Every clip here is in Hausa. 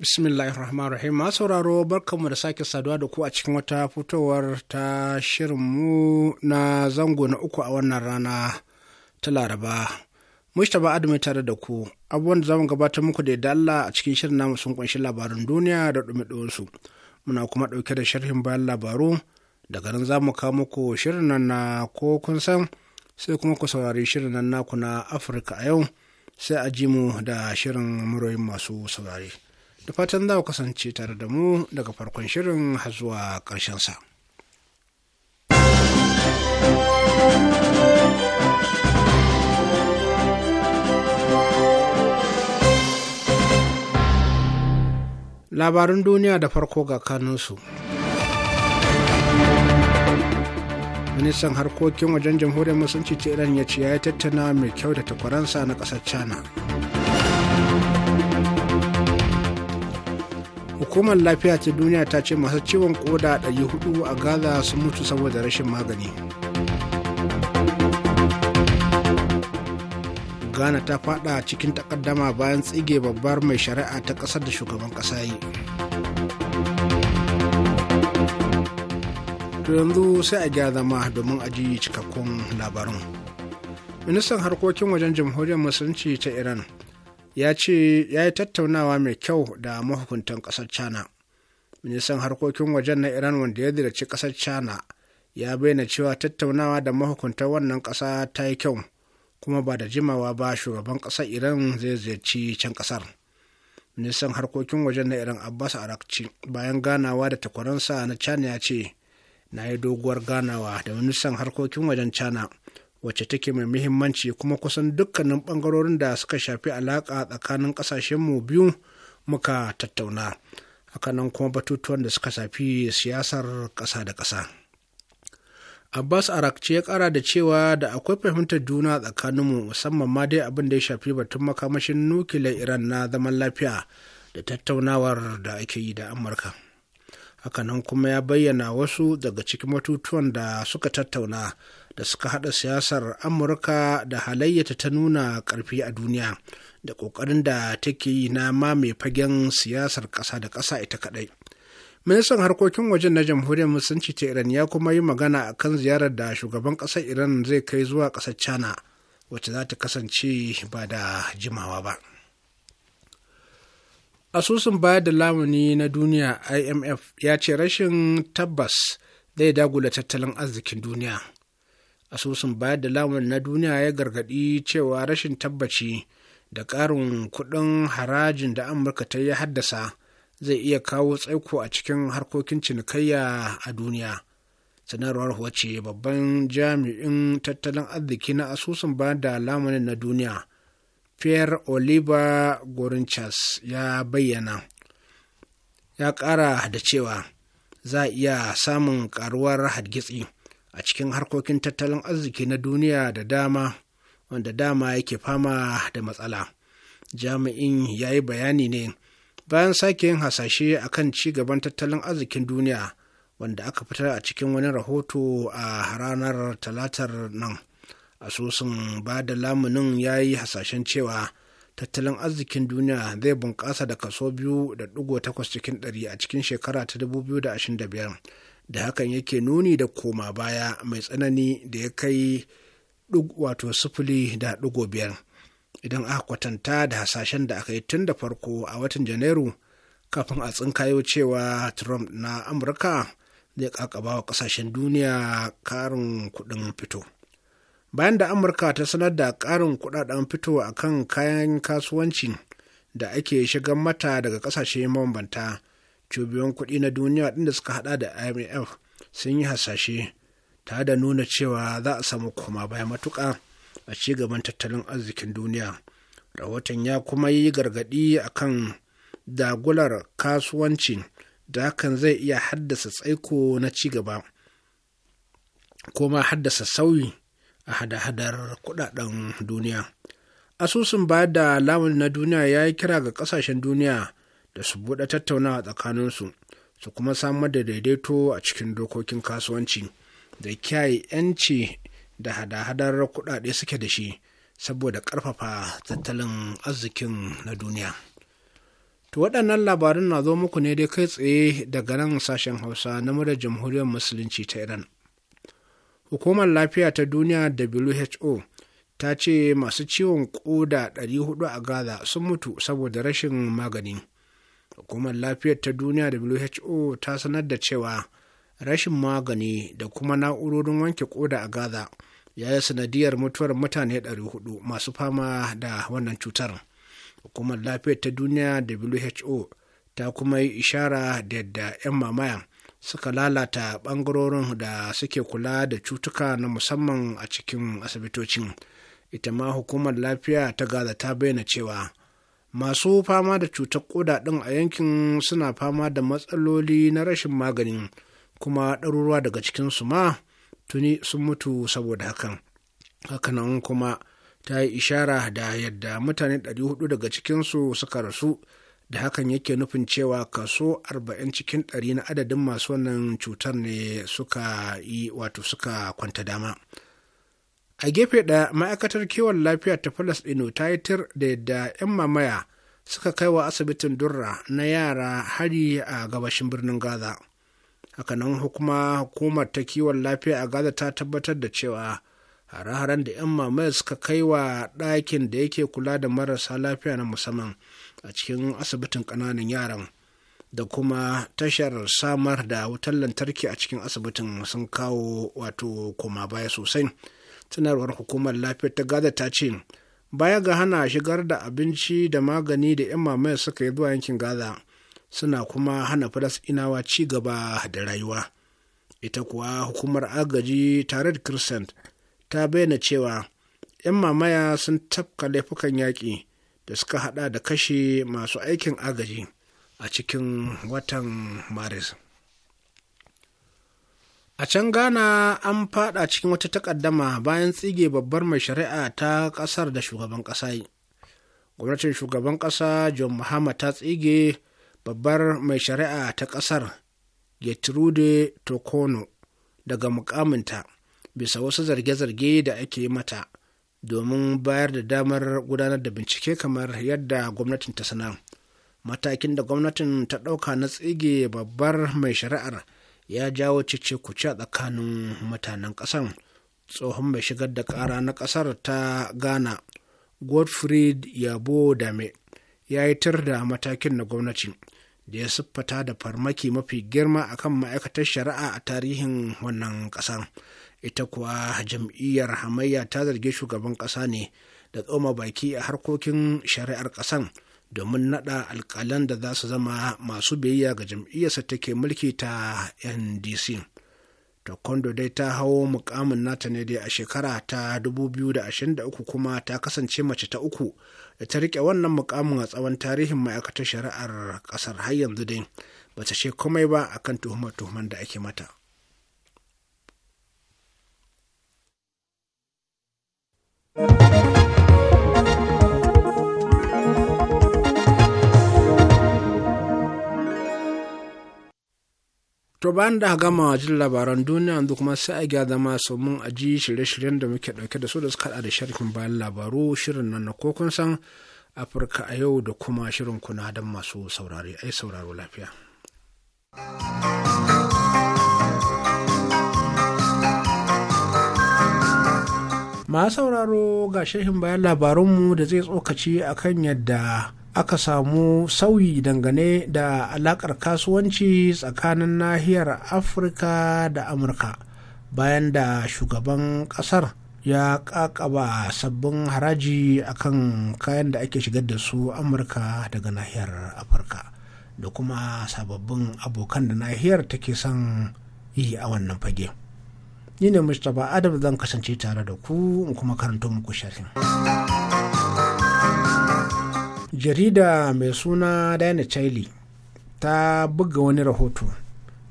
Bismillahirrahmanirrahim. rahman rahima, Ma sauraro barkanmu da sake saduwa da ku a cikin wata fitowar ta shirinmu na zango na uku a wannan rana ta Laraba. Mustapha Adamu tare da ku. Abubuwan da zamu gabatar muku da yadda Allah a cikin shirin namu sun kunshi labarin duniya da dumi su. Muna kuma ɗauke da sharhin bayan labaru. Daga nan za mu kawo muku shirin nan na ko kun san sai kuma ku saurari shirin nan naku na Afirka a yau sai a ji mu da shirin muroyin masu saurari. da fatan za ku kasance tare da mu daga farkon shirin har zuwa ƙarshensa. Labarin duniya da farko ga kanunsu. ministan harkokin wajen jamhuriyar musulunci ta iran ya ce ya yi tattana mai kyau da takwaransa na ƙasar china hukumar lafiya ta duniya ta ce masu ciwon koda 400 a gaza sun mutu saboda rashin magani ghana ta fada cikin takaddama bayan tsige babbar mai shari'a ta kasar da shugaban kasa yi to yanzu sai a gyara zama domin aji cikakkun labarin ministan harkokin wajen jamhuriyar musulunci ta iran ya ce ya yi tattaunawa mai kyau da mahukuntan ƙasar china ministan harkokin wajen na iran wanda ya ziyarci ƙasar china ya bayyana cewa tattaunawa da mahukuntan wannan ƙasa ta yi kyau kuma ba da jimawa ba shugaban ƙasar iran zai ziyarci can ƙasar ministan harkokin wajen na iran abbas arakci bayan ganawa da takwaransa na china ya ce na yi doguwar ganawa da ministan harkokin wajen china wacce take mai muhimmanci kuma kusan dukkanin bangarorin da suka shafi alaƙa tsakanin ƙasashenmu biyu muka tattauna hakanan kuma batutuwan da suka shafi siyasar ƙasa da ƙasa abbas arakci ya kara da cewa da akwai fahimtar juna tsakaninmu musamman ma dai abin da ya shafi batun makamashin nukiliyar iran na zaman lafiya da tattaunawar da ake yi da amurka hakanan kuma ya bayyana wasu daga cikin matutuwan da suka tattauna da suka haɗa siyasar amurka da halayyata ta nuna ƙarfi a duniya da ƙoƙarin da take yi na mai fagen siyasar ƙasa da ƙasa ita kaɗai ministan harkokin wajen na jamhuriyar musulunci ta iran ya kuma yi magana a kan ziyarar da shugaban ƙasar iran zai kai zuwa ƙasar china wacce za ta kasance ba da jimawa ba asusun bayar da lamuni na duniya imf ya ce rashin tabbas zai dagula tattalin arzikin duniya asusun bayar da lamun na duniya ya gargaɗi cewa rashin tabbaci da ƙarin kuɗin harajin da amurka ta yi haddasa zai iya kawo tsaiko a cikin harkokin cinikayya a duniya sanarwar wace babban jami'in tattalin arziki na asusun ba da lamunin na duniya pierre oliver gorinchas ya bayyana ya ƙara da cewa za a iya samun ƙaruwar hargitsi a cikin harkokin tattalin arziki na duniya da dama wanda dama yake fama da matsala jami'in ya yi bayani ne bayan sake yin hasashe a kan gaban tattalin arzikin duniya wanda aka fitar a cikin wani rahoto a ranar talatar nan asusun ba da lamunin ya yi hasashen cewa tattalin arzikin duniya zai bunƙasa da kaso biyu cikin ɗari a cikin shekara ta 2025 da hakan yake nuni da koma baya mai tsanani da ya kai wato sifili da ɗigo biyar idan aka kwatanta da hasashen da aka yi tun da farko a watan janairu kafin a tsinkayo cewa trump na amurka zai kakaba wa kasashen duniya karin kuɗin fito bayan da amurka ta sanar da karin kuɗaɗen fito akan kayan kasuwanci da ake shigar mata daga kasashe mabambanta cibiyoyin kuɗi na duniya ɗin da suka haɗa da imf sun yi hasashe ta da nuna cewa za a samu koma baya matuƙa a ci gaban tattalin arzikin duniya rahoton ya kuma yi gargaɗi a kan dagular kasuwanci da hakan zai iya haddasa tsaiko na ci gaba kuma haddasa sauyi a hada-hadar kudaden duniya asusun ba da lamun na duniya ya yi kira ga kasashen duniya da su buɗe tattaunawa tsakaninsu su kuma samar da daidaito a cikin dokokin kasuwanci da kiyaye 'yanci da hada-hadar kuɗaɗe suke da shi saboda ƙarfafa tattalin arzikin na duniya. To waɗannan labarin na zo muku ne dai kai tsaye daga nan sashen Hausa na mura Jamhuriyar Musulunci ta Iran. Hukumar Lafiya ta Duniya WHO ta ce masu ciwon ƙoda 400 a Gaza sun mutu saboda rashin magani. hukumar lafiyar ta duniya who ta sanar da cewa rashin magani da kuma na'urorin wanke koda a gaza ya yi sanadiyar mutuwar mutane 400 masu fama da wannan cutar hukumar lafiyar ta duniya who ta kuma yi ishara da yadda 'yan mamaya suka lalata bangarorin da suke kula da cutuka na musamman a cikin asibitocin ita ma hukumar lafiya ta gaza ta bayyana cewa masu fama da cutar koda ɗin a yankin suna fama da matsaloli na rashin magani kuma ɗaruruwa daga cikinsu ma tuni sun mutu saboda hakan hakanan kuma ta yi ishara da yadda mutane 400 daga cikinsu suka rasu da hakan yake nufin cewa kaso 40 cikin 100 na adadin masu wannan cutar ne suka yi wato suka kwanta dama. a gefe ɗaya ma'aikatar kiwon lafiya ta falasɗinu ta yi tir da yadda 'yan mamaya suka kai wa asibitin durra na yara hari a gabashin birnin gaza hakanan hukuma hukumar ta kiwon lafiya a gaza ta tabbatar da cewa hare-haren da 'yan mamaya suka kai wa ɗakin da yake kula da marasa lafiya na musamman a cikin asibitin ƙananan yaran da kuma tashar samar da wutar lantarki a cikin asibitin sun kawo wato koma baya sosai. sanarwar hukumar lafiyar ta gaza ta ce baya ga hana shigar da abinci da magani da 'yan mamaya suka yi zuwa yankin gaza suna kuma hana falasɗinawa ci gaba da rayuwa ita kuwa hukumar agaji tare da crescent ta bayyana cewa 'yan mamaya sun tafka laifukan yaƙi da suka hada da kashe masu aikin agaji a cikin watan maris a can ghana an fada cikin wata takaddama bayan tsige babbar mai shari'a ta kasar da shugaban kasa gwamnatin shugaban kasa john mahama ta tsige babbar mai shari'a ta kasar gertrude tokono daga mukaminta bisa wasu zarge-zarge da ake mata domin bayar da damar gudanar da bincike kamar yadda gwamnatin ta sanar matakin da gwamnatin ta ɗauka na tsige babbar mai shari'ar ya jawo cice kuce tsakanin mutanen ƙasan tsohon mai shigar da ƙara na ƙasar ta ghana godfrey yabo dame ya yi tir da matakin na gwamnati da ya siffata da farmaki mafi girma a kan ma'aikatar shari'a a tarihin wannan ƙasar ita kuwa jam'iyyar hamayya ta zargi shugaban ƙasa ne da tsoma baki a harkokin shari'ar ƙasan domin naɗa alkalan da za su zama masu biyayya ga jam'iyyarsa take mulki ta ndc taekwondo dai ta hau mukamin nata ne dai a shekara ta 2023 kuma ta kasance mace ta uku da ta rike wannan mukamin a tsawon tarihin ma'aikatar shari'ar kasar har yanzu dai ba ta ce komai ba akan tuhumar-tuhuman da ake mata thank you To bayan da gama jin labaran duniya yanzu kuma sai a gyara zama mun aji shirye-shiryen da muke ɗauke da su da suka da sharhin bayan labaru shirin nan na ko kun san Afirka a yau da kuma shirin kuna don masu saurari. ai sauraro lafiya. Masu sauraro ga shirin bayan labarunmu da zai tsokaci akan yadda aka samu sauyi dangane da alakar kasuwanci tsakanin nahiyar afirka da amurka bayan da shugaban kasar ya kakaba sabbin haraji akan kayan da ake shigar da su amurka daga nahiyar afirka da kuma sababbin abokan da nahiyar take son yi a wannan fage ni ne mustapha adam zan kasance tare da ku in kuma karanto muku shafin. jarida mai suna dana chile ta buga wani rahoto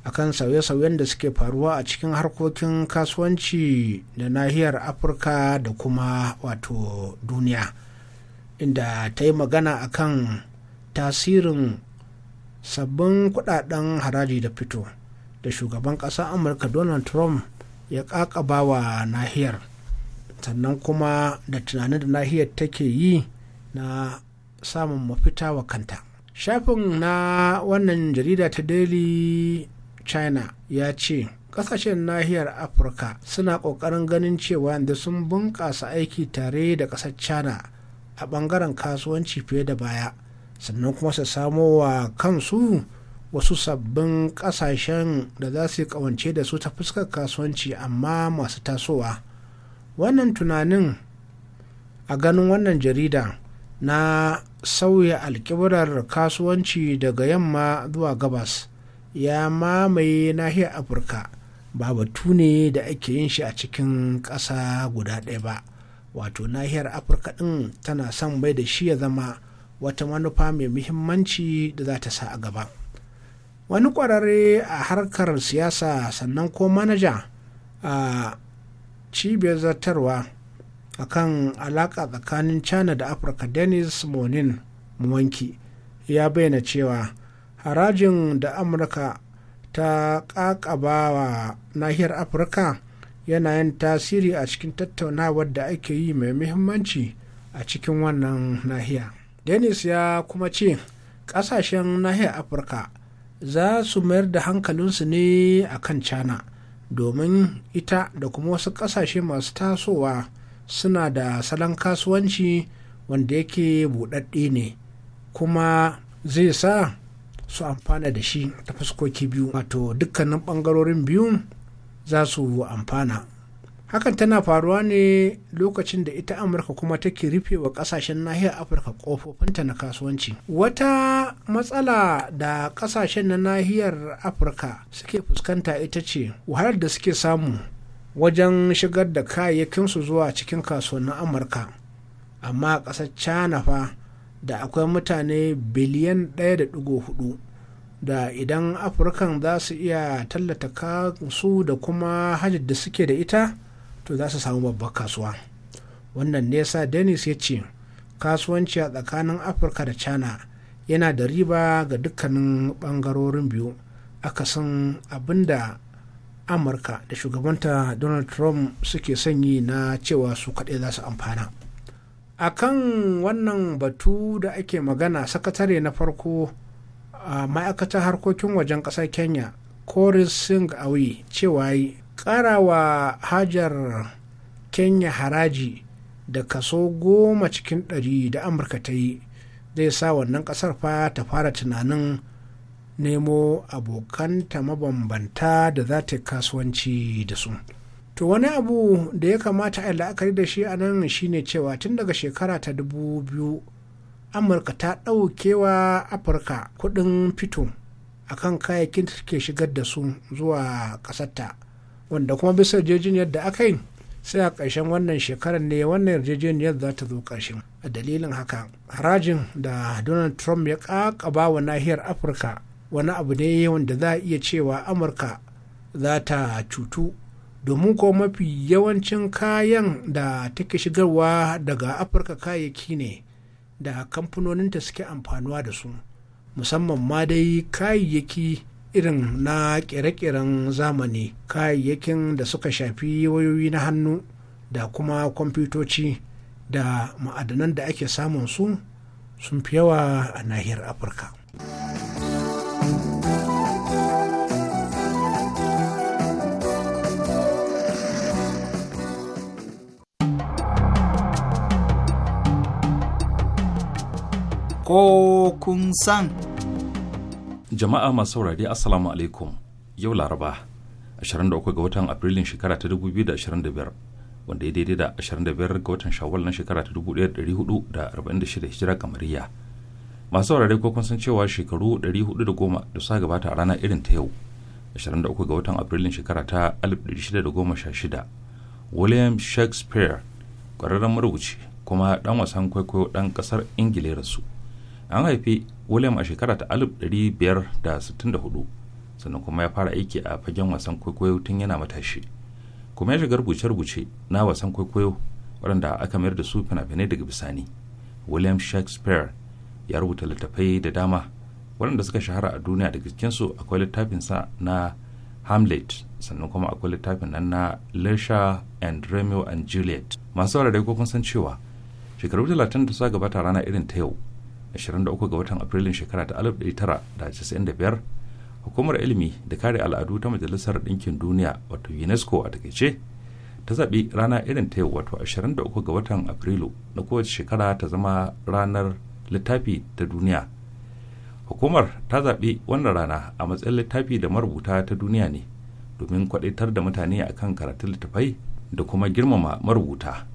akan sauye-sauyen da suke faruwa a cikin harkokin kasuwanci da nahiyar afirka da kuma wato duniya inda ta yi magana akan tasirin sabbin kudaden haraji da fito da shugaban ƙasar amurka donald trump ya kakaba wa nahiyar sannan kuma da tunanin da nahiyar take yi na samun mafita wa kanta shafin na wannan jarida ta daily china ya ce kasashen nahiyar afirka suna kokarin ganin cewa da sun bunkasa aiki tare da kasar china a bangaren kasuwanci fiye da baya sannan kuma su samo wa kansu wasu sabbin kasashen da za su kawance da su ta fuskar kasuwanci amma masu tasowa wannan tunanin a ganin wannan jarida na sauya alkibirar kasuwanci daga yamma zuwa gabas ya mamaye nahiyar afirka ba batu ne da ake yin shi a cikin ƙasa guda ɗaya ba wato nahiyar afirka ɗin tana son bai da shi ya zama wata manufa mai muhimmanci da za ta sa a gaba wani ƙwararre a harkar siyasa sannan ko manaja a cibiyar zartarwa akan alaka tsakanin china da afirka dennis monin muwanki ya bayyana cewa harajin da amurka ta ƙaƙabawa nahiyar afirka yana yin tasiri a cikin tattaunawar da ake yi mai muhimmanci a cikin wannan nahiya dennis ya kuma ce kasashen nahiyar afirka za su mayar da hankalinsu ne a kan China, domin ita da kuma wasu kasashe masu tasowa suna da salon kasuwanci wanda yake buɗaɗɗe ne kuma zai sa su amfana da shi ta fuskoki biyu wato dukkanin ɓangarorin biyu za su amfana hakan tana faruwa ne lokacin da ita amurka kuma take rufe wa kasashen nahiyar afirka ƙofofinta na kasuwanci wata matsala da kasashen na nahiyar afirka suke fuskanta ita ce wahalar da suke samu wajen shigar da kayayyakinsu zuwa cikin kasuwannin amurka amma ƙasar china fa da akwai mutane biliyan 1.4 da idan afirkan za su iya tallata kansu da kuma hajjar da suke da ita to za su samu babbar kasuwa wannan nesa dennis ya ce kasuwanci a tsakanin afirka da china yana da riba ga dukkanin bangarorin biyu akasin abinda amurka da shugabanta donald trump suke sanyi na cewa su kaɗai za su amfana a kan wannan batu da ake magana sakatare na farko a ma'aikatar harkokin wajen ƙasar kenya corin singh awi cewa ƙarawa hajar kenya haraji da kaso goma cikin ɗari da amurka ta yi zai sa wannan ƙasar fa ta fara tunanin nemo abokanta mabambanta da za ta kasuwanci da su to wani abu da ya kamata a la'akari da shi a nan ne cewa tun daga shekara ta dubu biyu amurka ta ɗaukewa afirka kuɗin fito a kan kayayyakin da ke shigar da su zuwa ƙasarta wanda kuma bisa yarjejeniyar da aka yi sai a ƙarshen wannan shekarar ne wannan yarjejeniyar za ta zo ƙarshen a dalilin haka harajin da donald trump ya ƙaƙaba wa nahiyar afirka wani abu ne wanda za a iya cewa amurka za ta cutu domin ko mafi yawancin kayan da take shigarwa daga afirka kayayyaki ne da kamfanoninta suke amfanuwa da su musamman ma dai kayayyaki irin na kere-keren zamani kayayyakin da suka shafi wayoyi na hannu da kuma kwamfutoci da ma'adanan da ake samun su sun fi yawa a nahiyar afirka. ko kun san. Jama'a masu saurari Assalamu alaikum yau Laraba 23 ga watan Afrilun shekara ta 2025 wanda ya daidai da 25 ga watan Shawwal na shekara ta 1446 hijira kamariya. Masu saurari ko kun san cewa shekaru 410 da suka gabata a rana irin ta yau 23 ga watan Afrilun shekara ta 1616 William Shakespeare ƙwararren marubuci kuma ɗan wasan kwaikwayo ɗan ƙasar Ingila rasu. an haifi william a shekara ta 1564 sannan kuma ya fara aiki a fagen wasan kwaikwayo tun yana matashi kuma ya shiga rubuce-rubuce na wasan kwaikwayo waɗanda aka mayar da su fina-finai daga bisani william shakespeare ya rubuta littattafai da dama waɗanda suka shahara a duniya daga cikinsu akwai littafinsa na hamlet sannan kuma akwai littafin nan na lesha and romeo and juliet masu wara ko kun san cewa shekaru talatin da suka gabata rana irin ta yau 23 ga watan afrilun shekara ta 1995 hukumar ilimi da kare al'adu ta majalisar ɗinkin duniya wato unesco a takaice ta zaɓi rana irin ta yau wato 23 ga watan afrilu na kowace shekara ta zama ranar littafi ta duniya hukumar ta zaɓi wannan rana a matsayin littafi da marubuta ta duniya ne domin kwaɗaitar da mutane akan karatun littafai da kuma girmama marubuta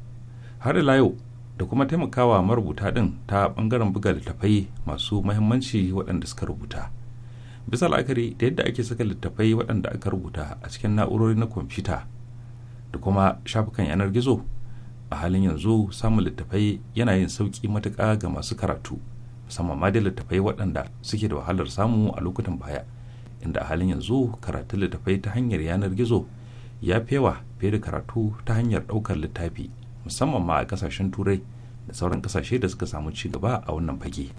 har ila yau da kuma taimakawa marubuta din ta bangaren buga littafai masu mahimmanci waɗanda suka rubuta bisa la'akari da yadda ake saka littafai waɗanda aka rubuta a cikin na'urori na kwamfuta da kuma shafukan yanar gizo a halin yanzu samun littafai yana yin sauƙi matuƙa ga masu karatu musamman ma da littafai waɗanda suke da wahalar samu a lokutan baya inda a halin yanzu karatun littafai ta hanyar yanar gizo ya fewa fiye da karatu ta hanyar ɗaukar littafi musamman ma a kasashen turai da sauran kasashe da suka samu ci gaba a wannan fage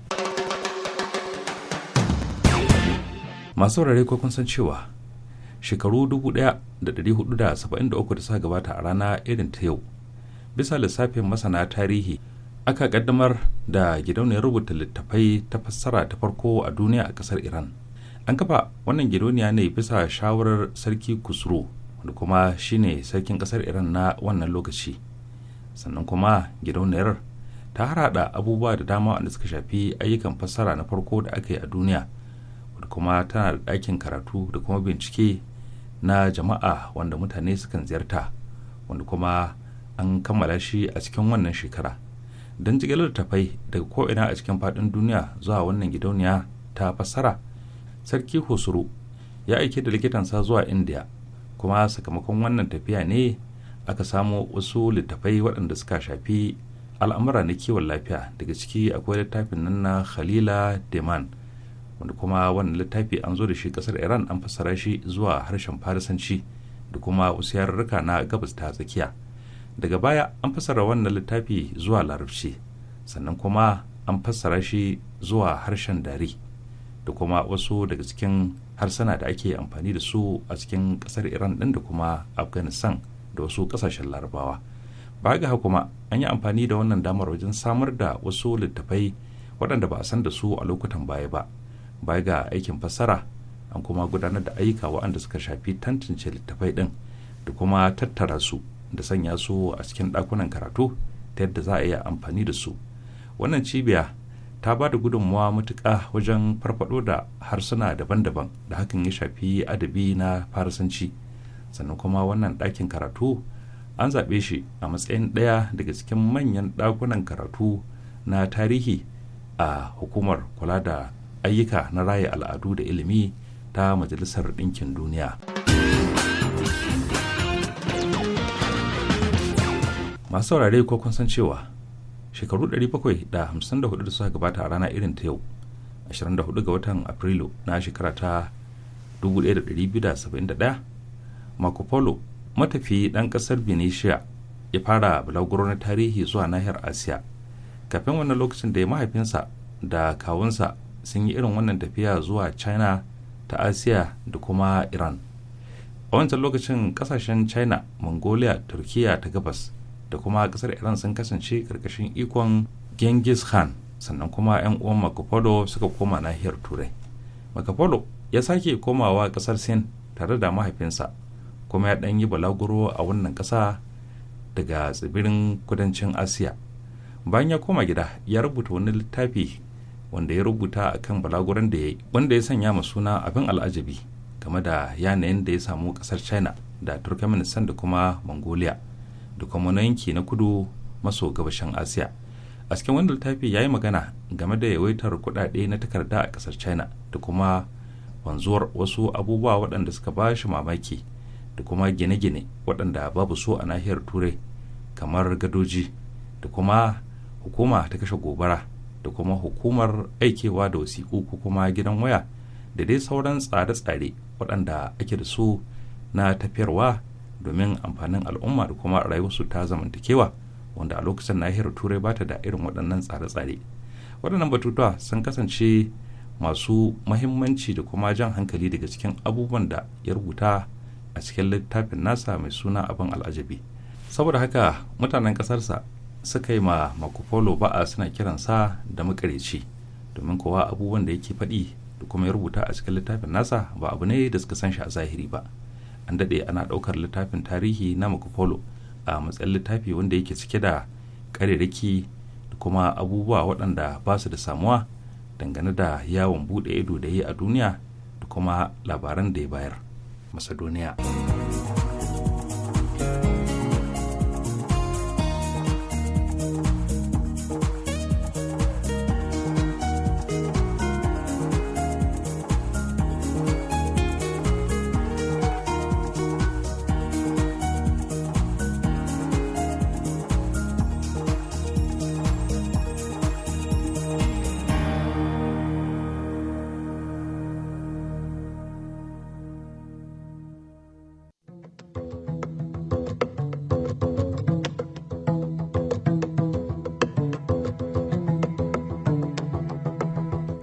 masu saurare ko kun san cewa shekaru 1473 da sa gabata a rana irin ta yau bisa lissafin masana tarihi aka kaddamar da gidauniyar rubuta littafai ta fassara ta farko a duniya a kasar iran an kafa wannan gidauniya ne bisa shawarar sarki kusuro wanda kuma shine sarkin kasar iran na wannan lokaci sannan kuma gidauniyar ta harada abubuwa da dama wanda suka shafi ayyukan fassara na farko da aka yi a duniya wadda kuma tana da ɗakin karatu da kuma bincike na jama'a wanda mutane sukan ziyarta wanda kuma an kammala shi a cikin wannan shekara don jigilar tafai daga ko'ina a cikin faɗin duniya zuwa wannan gidauniya ta fassara sarki hosuru ya aike da likitansa zuwa indiya kuma sakamakon wannan tafiya ne aka samo wasu littafai waɗanda suka shafi al'amura na kiwon lafiya daga ciki akwai littafin nan na khalila deman wanda kuma wannan littafi an zo da shi ƙasar iran an fassara shi zuwa harshen farisanci da kuma wasu yarurruka na gabas ta tsakiya daga baya an fassara wannan littafi zuwa larabci sannan kuma an fassara shi zuwa harshen dari da kuma wasu daga cikin harsana da ake amfani da su a cikin ƙasar iran ɗin da kuma afghanistan da wasu kasashen larabawa ba ga kuma an yi amfani da wannan damar wajen samar da wasu littafai waɗanda ba a san da su a lokutan baya ba baya ga aikin fassara an kuma gudanar da ayyuka waɗanda suka shafi tantance littafai ɗin da kuma tattara su da sanya su a cikin ɗakunan karatu ta yadda za a iya amfani da su wannan cibiya ta ba da gudunmawa matuƙa wajen farfaɗo da harsuna daban-daban da hakan ya shafi adabi na farasanci. sannan kuma wannan ɗakin karatu an zaɓe shi a matsayin ɗaya daga cikin manyan ɗakunan karatu na tarihi a hukumar kula da ayyuka na raya al'adu da ilimi ta majalisar ɗinkin duniya masu saurare ko kun san cewa shekaru 754 da suka gabata a rana irin ta yau 24 ga watan afrilu na shekara ta 1271 marco polo matafi ɗan ƙasar venetia ya fara bulagur na tarihi zuwa nahiyar asiya kafin wannan lokacin da ya mahaifinsa da kawunsa sun yi irin wannan tafiya zuwa china ta asiya da kuma iran a wancan lokacin ƙasashen china mongolia turkiya ta gabas da kuma ƙasar iran sun kasance ƙarƙashin ikon genghis khan sannan kuma 'yan uwan makapolo suka koma nahiyar turai makapolo ya sake komawa ƙasar sin tare da mahaifinsa kuma ya ɗan yi balaguro a wannan ƙasa daga tsibirin kudancin asiya bayan ya koma gida ya rubuta wani littafi wanda ya rubuta a kan balaguran da ya yi wanda ya sanya ma suna abin al'ajabi game da yanayin da ya samu ƙasar china da turkmenistan da kuma mongolia da kuma wani yanki na kudu maso gabashin asiya a cikin wani littafi ya yi magana game da yawaitar kuɗaɗe na takarda a ƙasar china da kuma wanzuwar wasu abubuwa waɗanda suka ba shi mamaki da kuma gine-gine waɗanda babu so a nahiyar turai kamar gadoji da kuma hukuma ta kashe gobara da kuma hukumar aikewa da wasiƙu ko kuma gidan waya da dai sauran tsare-tsare waɗanda ake da su na tafiyarwa domin amfanin al'umma da kuma rayuwarsu ta zamantakewa wanda a lokacin nahiyar turai ba ta da irin waɗannan tsare-tsare waɗannan batutuwa sun kasance masu mahimmanci da kuma jan hankali daga cikin abubuwan da ya rubuta a cikin littafin nasa mai suna abin al'ajabi saboda haka mutanen ƙasarsa suka yi ma makufolo ba'a suna kiransa da makareci domin kowa abubuwan da yake faɗi da kuma ya rubuta a cikin littafin nasa ba abu ne da suka san shi a zahiri ba an daɗe ana ɗaukar littafin tarihi na makufolo a matsayin littafi wanda yake cike da ƙarerriki da kuma abubuwa waɗanda ba su da samuwa dangane da yawon buɗe ido da yi a duniya da kuma labaran da ya bayar. macedonia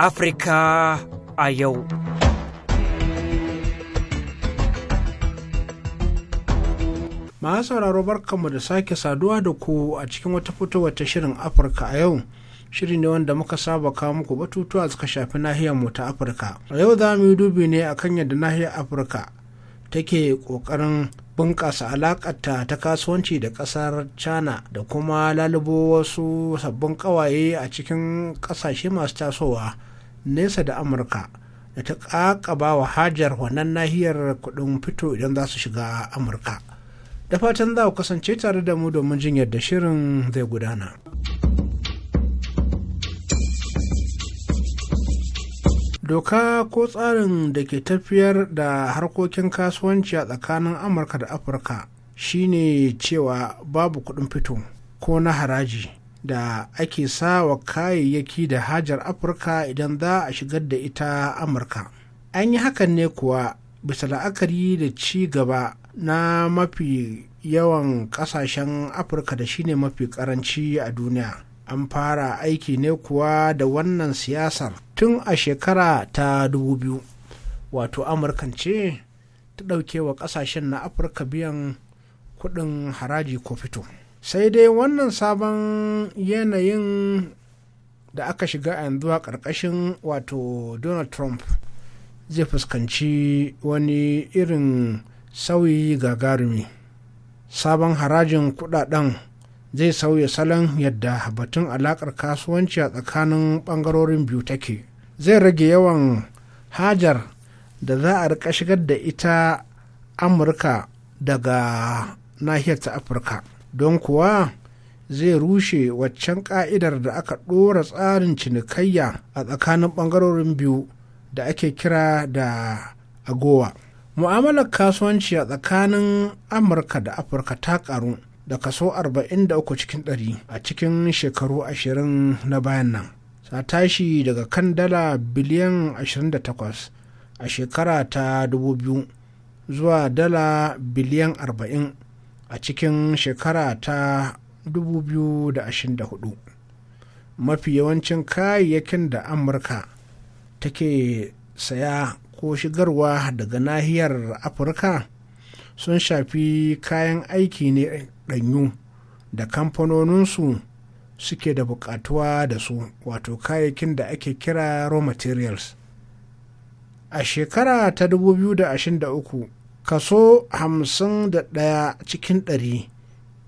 Afirka a yau. Masu sauraro barkanmu da sake saduwa da ku a cikin wata fitowar ta shirin Afirka a yau. Shiri ne wanda muka saba kawo muku batutuwa suka shafi nahiyar mu ta Afirka. A yau za mu yi dubi ne a kan yadda nahiyar Afirka take ƙoƙarin bunƙasa alaƙarta ta kasuwanci da ƙasar china da kuma lalubo wasu sabbin ƙawaye a cikin ƙasashe masu tasowa nesa da amurka da ta kakaba wa hajar wannan nahiyar kuɗin fito idan za su shiga amurka da fatan za ku kasance tare da mu domin jin yadda shirin zai gudana doka ko tsarin da ke tafiyar da harkokin kasuwanci a tsakanin amurka da afirka shine cewa babu kuɗin fito ko na haraji da ake sa wa kayayyaki da hajar afirka idan za a shigar da ita amurka an yi hakan ne kuwa bisa la'akari da ci gaba na mafi yawan kasashen afirka da shine mafi karanci a duniya an fara aiki ne kuwa da wannan siyasar tun a shekara ta dubu biyu, wato amurkan ce ta ɗauke wa kasashen na afirka biyan kuɗin haraji ko fito sai dai wannan sabon yanayin da aka shiga yanzu a ƙarƙashin wato donald trump zai fuskanci wani irin sauyi gagarumi sabon harajin kudaden zai sauya salon yadda batun alaƙar kasuwanci a tsakanin ɓangarorin biyu take zai rage yawan hajar da za a rika shigar da ita amurka daga nahiyar ta afirka don kuwa zai rushe waccan ka'idar da aka ɗora tsarin cinikayya a tsakanin ɓangarorin biyu da ake kira da agowa mu'amalar kasuwanci a tsakanin amurka da afirka ta karu da kaso 43 cikin 100 a cikin shekaru 20 na bayan nan ta tashi daga kan dala biliyan 28 a shekara ta 2000 zuwa dala biliyan 40 a cikin shekara ta 2024 mafi yawancin kayayyakin da amurka take saya ko shigarwa daga nahiyar afirka sun shafi kayan aiki ne ɗanyu da kamfanoninsu suke da buƙatuwa da su wato kayayyakin da ake kira raw materials a shekara ta 2023 kaso hamsin da 51 cikin ɗari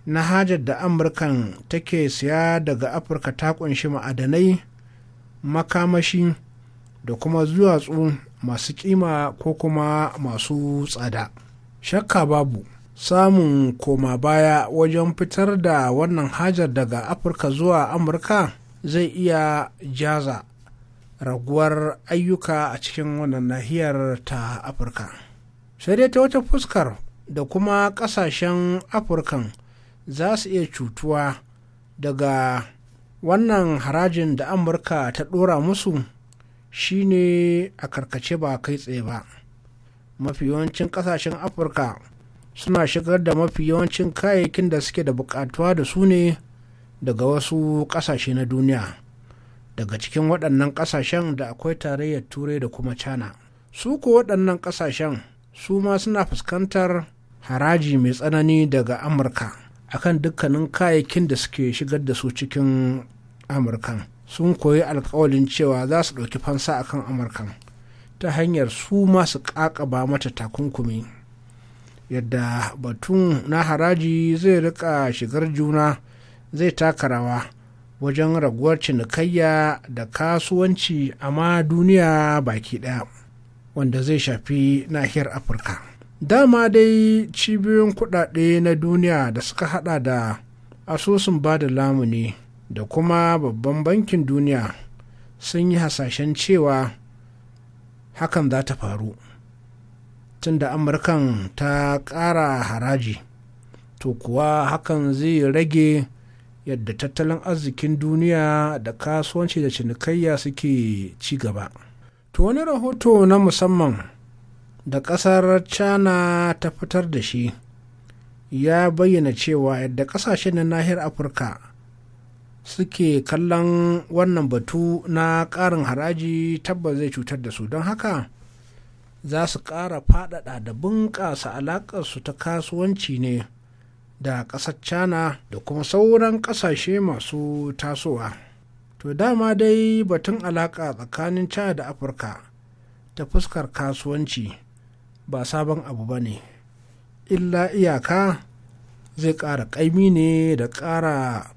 na hajar da amurkan take siya daga afirka ta kunshi ma'adanai makamashi da kuma zuwatsu masu kima ko kuma masu tsada shakka babu samun koma baya wajen fitar da wannan hajar daga afirka zuwa amurka zai iya jaza raguwar ayyuka a cikin wannan nahiyar ta afirka sai dai ta wata fuskar da kuma ƙasashen afirkan za su iya cutuwa daga wannan harajin da amurka ta ɗora musu shine a karkace ba kai tsaye ba mafi yawancin ƙasashen afirka suna shigar da mafi yawancin kayayyakin da suke da buƙatuwa da su ne daga wasu ƙasashe na duniya daga cikin waɗannan ƙasashen da akwai tarayyar turai da kuma cana su ko waɗannan ƙasashen su ma suna fuskantar haraji mai tsanani daga amurka akan dukkanin kayayyakin da suke shigar da su cikin amurkan sun koyi alkawalin cewa za su ɗauki fansa akan amurkan ta hanyar su masu ƙaƙaba mata takunkumi yadda batun na haraji zai rika shigar juna zai taka rawa wajen raguwar cinikayya da kasuwanci amma duniya baki ɗaya. wanda zai shafi nahiyar afirka dama dai cibiyoyin kudade na duniya da suka hada da asusun ba da lamuni da kuma babban bankin duniya sun yi hasashen cewa hakan za ta faru tunda amurkan ta ƙara haraji to kuwa hakan zai rage yadda tattalin arzikin duniya da kasuwanci da cinikayya suke ci gaba. to wani rahoto na musamman da ƙasar china ta fitar da shi ya bayyana cewa yadda ƙasashe na nahiyar afirka suke kallon wannan batu na ƙarin haraji tabbas zai cutar da su don haka za su ƙara faɗaɗa da bunƙasa alaƙar su ta kasuwanci ne da ƙasar china da kuma sauran ƙasashe masu tasowa. to dama dai batun alaka tsakanin china da afirka ta fuskar kasuwanci ba sabon abu ba ne illa iyaka zai ƙara ƙaimi ne da ƙara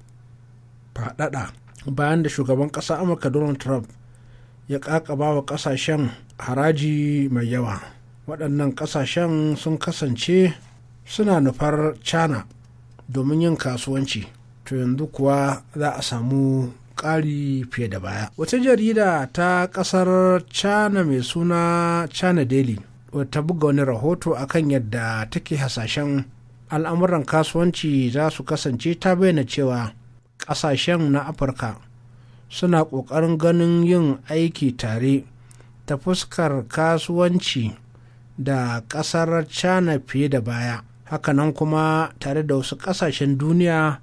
faɗaɗa bayan da shugaban ƙasa amurka donald trump ya ƙaƙaba wa ƙasashen haraji mai yawa waɗannan ƙasashen sun kasance suna nufar china domin yin kasuwanci to yanzu kuwa za a samu ƙari fiye da baya wata jarida ta ƙasar china mai suna china daily ta buga wani rahoto a kan yadda take hasashen al'amuran kasuwanci za su kasance ta bayyana cewa ƙasashen na afirka suna ƙoƙarin ganin yin aiki tare ta fuskar kasuwanci da ƙasar china fiye da baya hakanan kuma tare da wasu ƙasashen duniya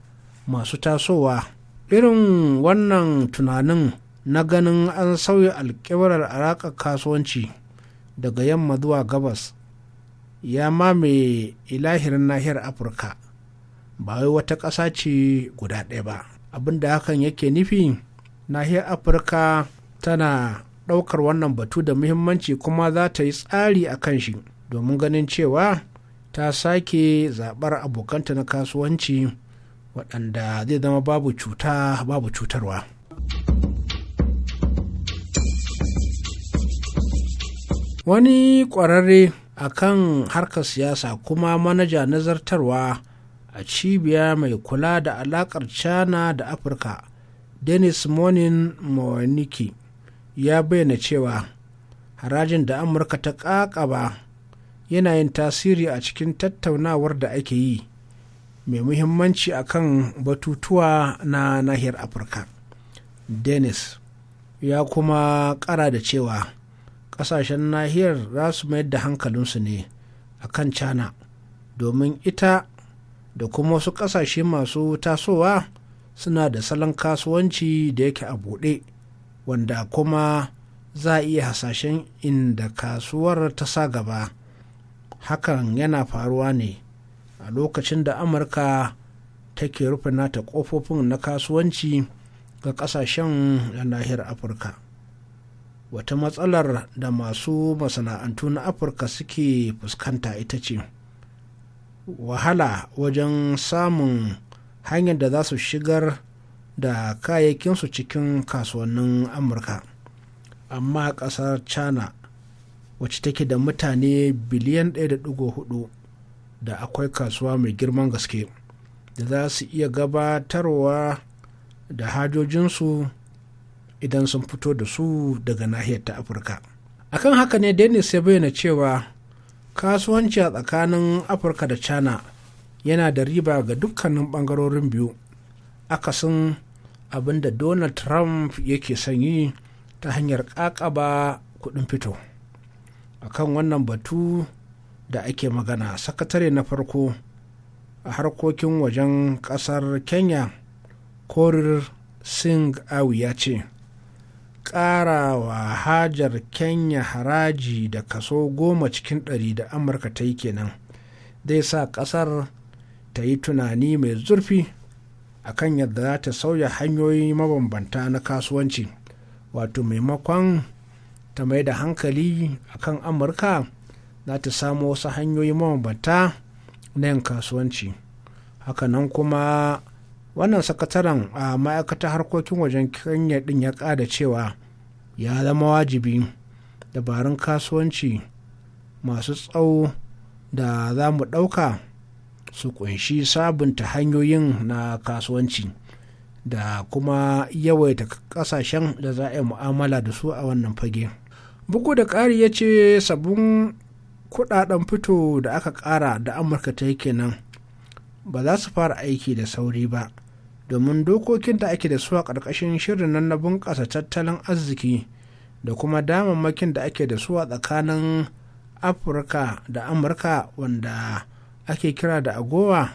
masu tasowa irin wannan tunanin na ganin an sauya alkibirar alaƙa kasuwanci daga yamma zuwa gabas ya mamaye ilahirin nahiyar afirka ba wai wata ƙasa ce guda ɗaya ba abinda hakan yake nufi nahiyar afirka tana ɗaukar wannan batu da muhimmanci kuma za ta yi tsari a kan shi domin ganin cewa ta sake zaɓar abokanta na kasuwanci waɗanda zai zama babu cuta babu cutarwa wani ƙwararre a kan harkar siyasa kuma manaja nazartarwa a cibiya mai kula da alaƙar cana da afirka dennis monin mawaniki ya bayyana cewa harajin da amurka ta ƙaƙaba yana yin tasiri a cikin tattaunawar da ake yi mai muhimmanci akan batutuwa na nahiyar afirka dennis ya kuma kara da cewa kasashen nahiyar za su mayar da hankalinsu ne a kan china domin ita da kuma wasu kasashe masu tasowa suna da salon kasuwanci da yake a buɗe wanda kuma za a iya hasashen inda kasuwar ta sa gaba hakan yana faruwa ne a lokacin da amurka take rufe nata kofofin na kasuwanci ga kasashen nahiyar afirka wata matsalar da masu masana'antu na afirka suke fuskanta ita ce wahala wajen samun hanyar da za su shigar da kayayyakinsu cikin kasuwannin amurka amma kasar china wacce take da mutane biliyan 1.4 da akwai kasuwa mai girman gaske da za su iya gabatarwa da hajojinsu idan sun fito da su daga nahiyar ta afirka akan haka ne dennis ya bayyana cewa kasuwanci a tsakanin afirka da china yana da riba ga dukkanin bangarorin biyu akasin abin da donald trump yake son yi ta hanyar kakaba kudin fito akan wannan batu da ake magana sakatare na farko a harkokin wajen kasar kenya korir singh awi ya ce ƙarawa hajar kenya haraji da kaso goma cikin ɗari da amurka ta yi kenan zai sa ƙasar ta yi tunani mai zurfi a kan yadda za ta sauya hanyoyi mabambanta na kasuwanci wato maimakon ta mai da hankali a kan amurka za ta samu wasu hanyoyi mabambanta na yin kasuwanci hakanan kuma wannan sakataren a ma'aikatar harkokin wajen kenya din ya ƙara cewa ya zama wajibi dabarun kasuwanci masu tsawo da za mu ɗauka su kunshi sabunta hanyoyin na kasuwanci da kuma yawaita ƙasashen da za a yi mu'amala da su a wannan fage bugu da ƙari ya ce sabbin kudaden fito da aka kara da amurka ta yi kenan ba za su fara aiki da sauri ba domin dokokin da ake da su a ƙarƙashin shirin nan na bunƙasa tattalin arziki da kuma damammakin da ake da su a tsakanin afirka da amurka wanda ake kira da agowa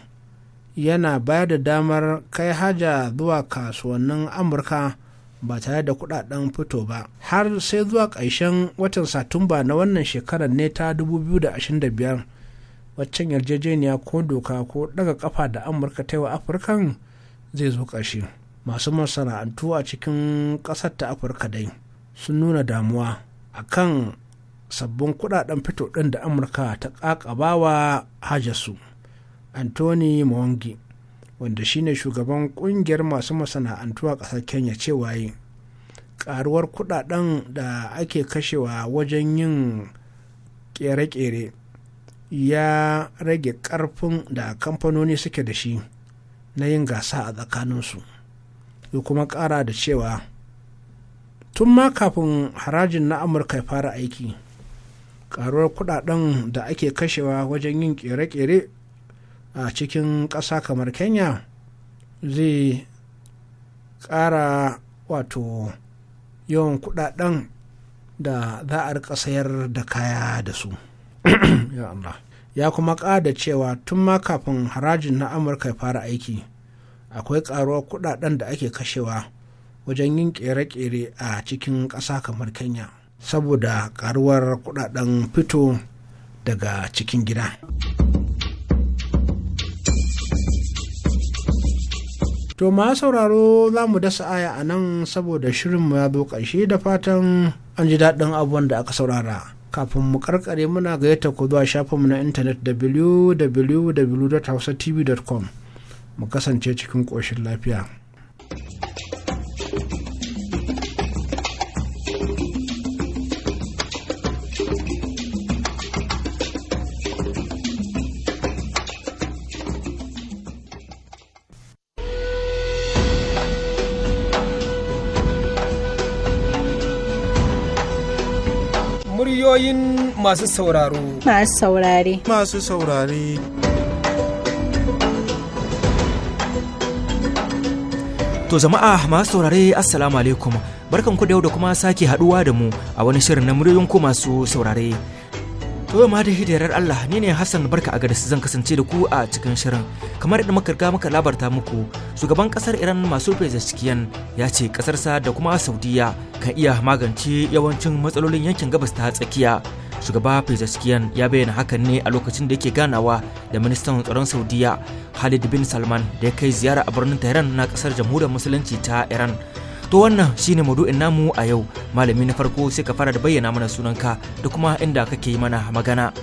yana bayar da damar kai haja zuwa kasuwannin amurka ba tare da kudaden fito ba har sai zuwa ƙarshen watan satumba na wannan shekarar ne ta 2025 waccan yarjejeniya ko doka ko daga kafa da amurka ta yi wa afirkan zai zo ƙarshe masu masana'antu a cikin ƙasar ta afirka dai sun nuna damuwa a kan sabbin kudaden fito ɗin da amurka ta ƙaƙabawa hajjarsu anthony mwangi wanda shine shugaban kungiyar masu masana'antu a ƙasar kenya cewa yi karuwar kudaden da ake kashewa wajen yin ƙere-ƙere ya rage ƙarfin da kamfanoni suke da shi na yin gasa a tsakaninsu ya kuma ƙara da cewa tun ma kafin harajin na amurka ya fara aiki ƙaruwar kudaden da ake kashewa wajen yin ƙere-ƙere. a cikin ƙasa kamar kenya zai ƙara wato yawan kudaden da za a rika sayar da kaya da su ya kuma ƙada cewa tun ma kafin harajin na amurka ya fara aiki akwai ƙaruwar kudaden da ake kashewa wajen yin ƙere-ƙere a cikin ƙasa kamar kenya saboda ƙaruwar kudaden fito daga cikin gida. to ma sauraro za mu dasa aya a nan saboda shirinmu ya zo ƙarshe da fatan an ji daɗin abubuwan da aka saurara kafin mu karkare muna gayyata ko zuwa shafinmu na intanet www.hausatv.com mu kasance cikin koshin lafiya. Ra'ayoyin masu sauraro. Masu saurare. Masu saurare. To jama'a masu saurare assalamu alaikum barkan ku da yau da kuma sake haduwa da mu a wani shirin na muryoyin masu saurare To ma da hidayar Allah ni ne Hassan barka a zan kasance da ku a cikin shirin. Kamar yadda muka riga muka labarta muku, shugaban kasar Iran masu cikiyan ya ce kasarsa da kuma Saudiya kan iya magance yawancin matsalolin yankin gabas ta tsakiya. Shugaba Pezeshkian ya bayyana hakan ne a lokacin da yake ganawa da ministan tsaron Saudiya Khalid bin Salman da ya kai ziyara a birnin Tehran na kasar Jamhuriyar Musulunci ta Iran. To wannan shine maudu'in namu a yau. Malami na farko sai ka fara da bayyana mana sunanka da kuma inda kake yi mana magana.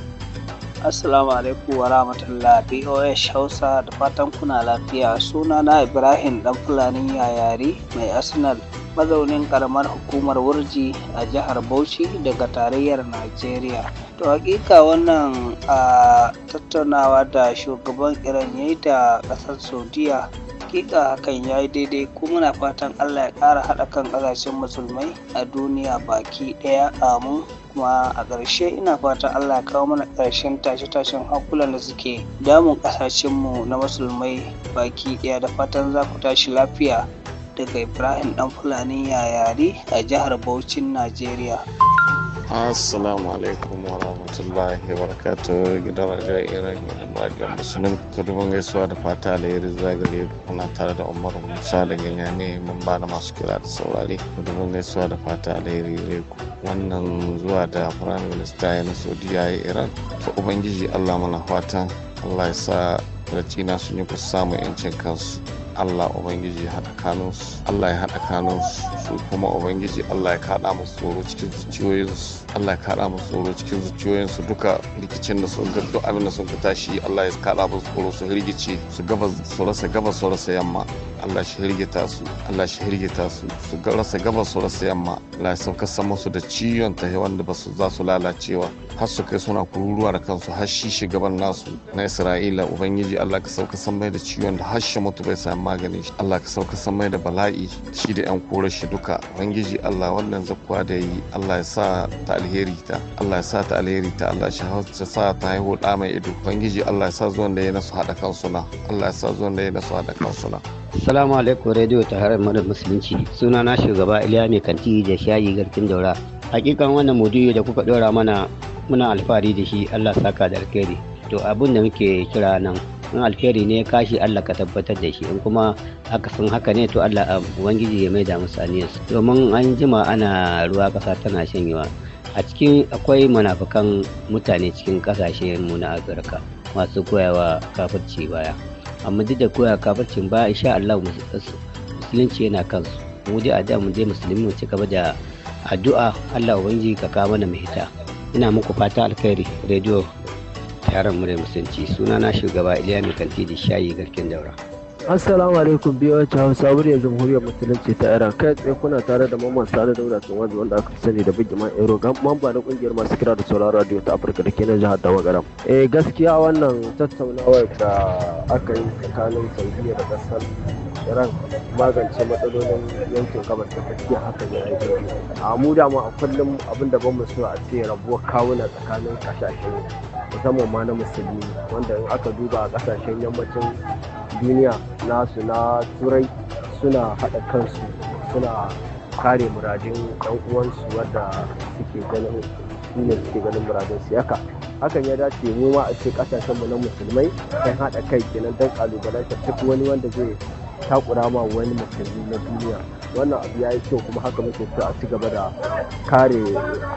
Assalamu alaikum wa rahmatullah BOS Hausa da fatan kuna lafiya suna na Ibrahim dan Fulani Yayari mai Arsenal mazaunin karamar hukumar Wurji a jihar Bauchi daga tarayyar Najeriya. To hakika wannan a tattaunawa da shugaban Iran yayi da kasar Saudiya hakika hakan ya yi daidai kuma muna fatan allah ya ƙara haɗa kan ƙasashen musulmai a duniya baki ɗaya mu? kuma a ƙarshe ina fatan allah ya kawo mana ƙarshen tashe-tashen hankulan da suke damun ƙasashenmu na musulmai baki ɗaya da fatan za ku tashi lafiya daga ibrahim ɗan fulani yayari a jihar Bauchin najeriya assalamu alaikum wa rahmatullahi wa barakatu gidan rajar iran musulun kudin gaisuwa da fata da alheri zagare kuna tare da umaru musa da ganya ne mun ba da masu kira da saurari kudin gaisuwa da fata da gare ku wannan zuwa da firayim minista ya na saudiya ya iran ta ubangiji allah mana fatan allah ya sa Falasina sun yi kusa samun 'yancin kansu Allah Ubangiji ya haɗa kanunsu Allah ya haɗa kanunsu su kuma Ubangiji Allah ya kaɗa musu tsoro cikin zuciyoyinsu Allah ya kara musu tsoro cikin zuciyoyinsu duka rikicin da sun duk abin da sun fita shi Allah ya kara musu tsoro su hirgice su gaba su rasa gaba su rasa yamma Allah shi hirgita su Allah shi hirgita su su rasa gaba su rasa yamma Allah ya sauka sama su da ciyon ta wanda ba su za su lalacewa har su kai suna kururuwa da kansu har shi gaban nasu na Isra'ila ubangiji Allah ka sauka mai da ciyon da har shi mutu bai samu magani Allah ka sauka mai da bala'i shi da yan kore shi duka ubangiji Allah wannan zakwa da yi Allah ya sa ta alheri ta Allah ya sa ta alheri ta Allah ya sa ta haihu da mai ido bangiji Allah ya sa zuwan da ya nasu hada kan suna Allah ya sa zuwan da ya nasu hada kan suna Assalamu alaikum radio ta harar madar musulunci suna na shugaba Iliya mai kanti da shayi garkin daura hakikan wannan mudiyo da kuka dora mana muna alfahari da shi Allah ya saka da alheri to abin da muke kira nan in alheri ne kashi Allah ka tabbatar da shi in kuma haka sun haka ne to Allah ubangiji ya mai da aniyarsu domin an jima ana ruwa kasa tana shanyewa a cikin akwai munafukan mutane cikin kasashen mu na afirka masu koyawa kafirci baya amma duk da koya kafircin baya insha Allah musulunci yana kansu mu dai a da mu dai musulmi mu ci da addu'a Allah ubangiji ka kawo mana mahita ina muku fata alkhairi rediyo taron mu da musulunci sunana shugaba Iliya Kanti da shayi garkin daura Assalamu alaikum biyo ta Hausa muryar Jamhuriyar Musulunci ta Iran kai tsaye kuna tare da Mamman Sani Dauda Tunwaji wanda aka sani da Man Ero ga mamba na kungiyar masu kira da Solar radio ta Afirka da ke nan jihar Dawagaram. Eh gaskiya wannan tattaunawar da aka yi tsakanin Saudiya da kasar Iran magance matsalolin yankin gabas ta tsakiya haka ne ya yi. A mu da mu a kullum abin da ban mu so a ce rabuwar kawuna tsakanin kasashen musamman ma na musulmi wanda in aka duba a kasashen yammacin duniya nasu na turai suna haɗa kansu suna kare muradin ɗan uwansu wadda suke ganin su ne suke ganin muradin su yaka hakan ya dace mu ma a ce kasashenmu na musulmai don haɗa kai kenan don ta duk wani wanda zai takura ma wani musulmi na duniya wannan abu ya yi kyau kuma haka muke so a ci gaba da kare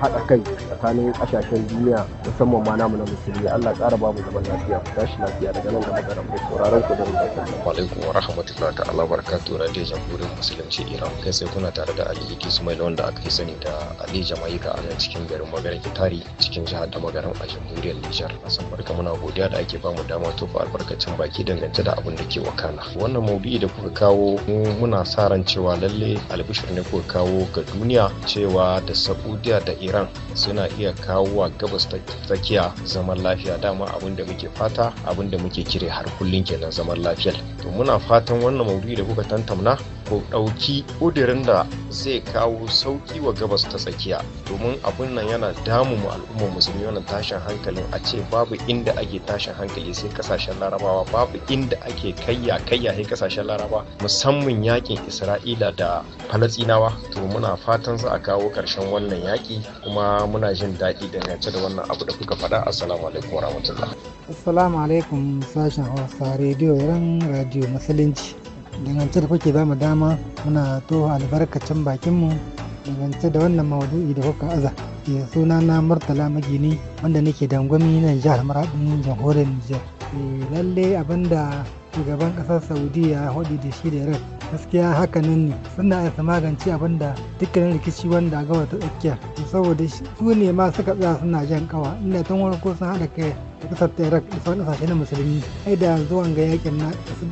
haɗa kai tsakanin kasashen duniya musamman ma namu na musulmi Allah kara ba mu zaman lafiya ku tashi lafiya daga nan da magana mai sauraron ku da mu rubutu. Alaikum wa rahmatullahi ta'ala to radio jamhuriyar musulunci Iran kai sai kuna tare da Ali Ismail wanda aka yi sani da Ali Jama'ika a cikin garin Magaran Kitari cikin jihar da Magaran a jamhuriyar Nijar. san barka muna godiya da ake ba mu dama tofa albarkacin baki dangance da abin da ke wakana. Wannan maudu'i da kuka kawo muna sa ran cewa lalle albishir ne kuka kawo ga duniya cewa da Saudiya da Iran suna iya kawo wa gabas ta tsakiya zaman lafiya dama abin da muke fata abin da muke kire har kullun kenan zaman lafiyar to muna fatan wannan maudu'i da kuka tantamna ku ɗauki ƙudirin da zai kawo sauƙi wa gabas ta tsakiya domin abin nan yana damu mu al'ummar musulmi wannan tashin hankalin a ce babu inda ake tashin hankali sai kasashen larabawa babu inda ake kayya kayya sai kasashen laraba musamman yakin isra'ila da falastinawa to muna fatan za a kawo ƙarshen wannan yaƙi kuma muna jin daɗi dangance da wannan abu da kuka faɗa assalamu alaikum rahmatullah assalamu alaikum sashen hausa rediyo ran radio musulunci dangance da kuke ba mu dama muna to albarkacin bakinmu dangance da wannan maudu'i da kuka aza ke eh, suna na murtala magini wanda nake dangwami na jihar maradin jamhuriyar nijar eh, lalle abinda shugaban kasar saudiya ya hudu da shi da iran gaskiya haka nan ne suna isa magance abin da dukkanin rikici wanda a wata ta tsakiya saboda su ne ma suka tsaya suna jan kawa inda tun wani ko sun haɗa kai ta kasar ta iraq da sauran kasashe na musulmi ai da zuwan ga yakin na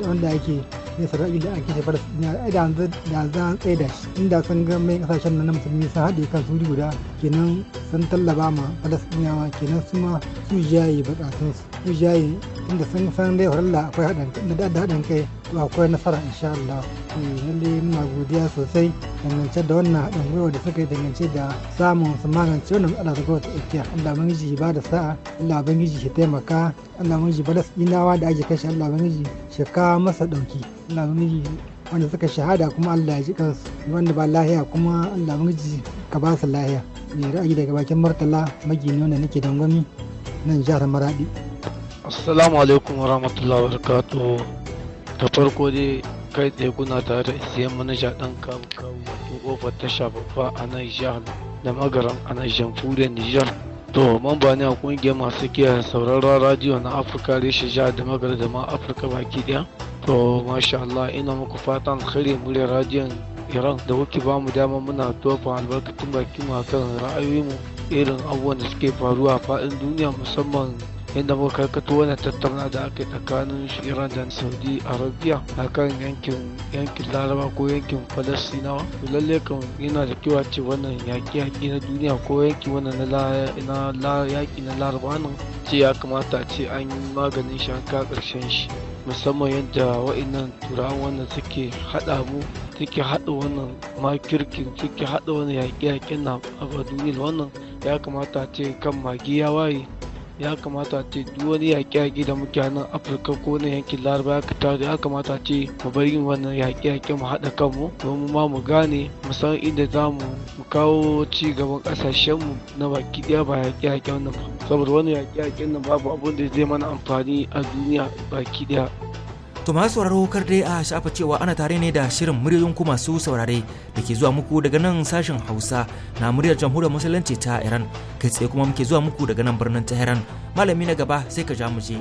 wanda ake ne sarrafi da ake shafar ai da yanzu da za a tsaye da shi inda sun ga mai kasashen na musulmi sun haɗe kan su guda kenan sun tallaba ma falastinawa kenan su ma su jaye bukatun su jaye inda sun san dai horalla akwai haɗin kai akwai nasara insha Allah eh, lalle muna godiya sosai dangance da wannan haɗin gwiwa da suka yi dangance da samun su magance wannan matsala ta kowace tsakiya Allah bangiji ba da sa'a Allah bangiji shi taimaka Allah bangiji ba da inawa da ake kashe Allah bangiji shi kawo masa ɗauki Allah bangiji wanda suka shahada kuma Allah ya ji kansu wanda ba lahiya kuma Allah bangiji ka ba su lahiya mai ra'ayi daga bakin martala magini wanda nake dangwami nan jihar maradi assalamu alaikum warahmatullahi wabarakatuh da farko dai kai tsaye kuna tare da isiyan manaja dan kawo kawo wato kofar tasha babba a nan jihar da magaran a nan jamhuriyar nijar to mamba ne a kungiyar masu kiyar sauraron radiyo na afirka reshe jihar da magar da ma afirka baki daya to masha allah ina muku fatan alkhairi murya radiyon iran da kuke ba mu dama muna tofa albarkatun baki mu akan ra'ayoyinmu irin abubuwan da suke faruwa a faɗin duniya musamman inda makarkatu wani tattauna da ake tsakanin iran da saudi arabia a kan yankin yankin laraba ko yankin Falasinawa. to lalle kan yana da kyau ce wannan yaƙi yaƙi na duniya ko yanki wannan na yaƙi na laraba nan ce ya kamata ce an yi maganin shi an ka ƙarshen shi musamman yadda wa'annan turawan wanda suke haɗa mu suke haɗa wannan makirkin suke haɗa wannan yaƙi yaƙen na a duniyar wannan ya kamata ce kan magi ya waye ya kamata a ce duk wani yaƙe-yaƙe da muke nan afirka ko na yankin laraba ya kata ya kamata a ce mu bar yin wannan yaƙe-yaƙe mu haɗa kanmu domin ma mu gane mu san inda za mu kawo ci gaban ƙasashenmu na baki ɗaya ba yaƙe-yaƙen nan ba saboda wani yaƙe-yaƙen nan babu abin da zai mana amfani a duniya baki ɗaya To masu sauraro kar dai a shafa cewa ana tare ne da shirin muryoyin ku masu saurare da ke zuwa muku daga nan sashen Hausa na muryar jamhuriyar musulunci ta Iran kai tsaye kuma muke zuwa muku daga nan birnin Tehran malami na gaba sai ka ja mu je.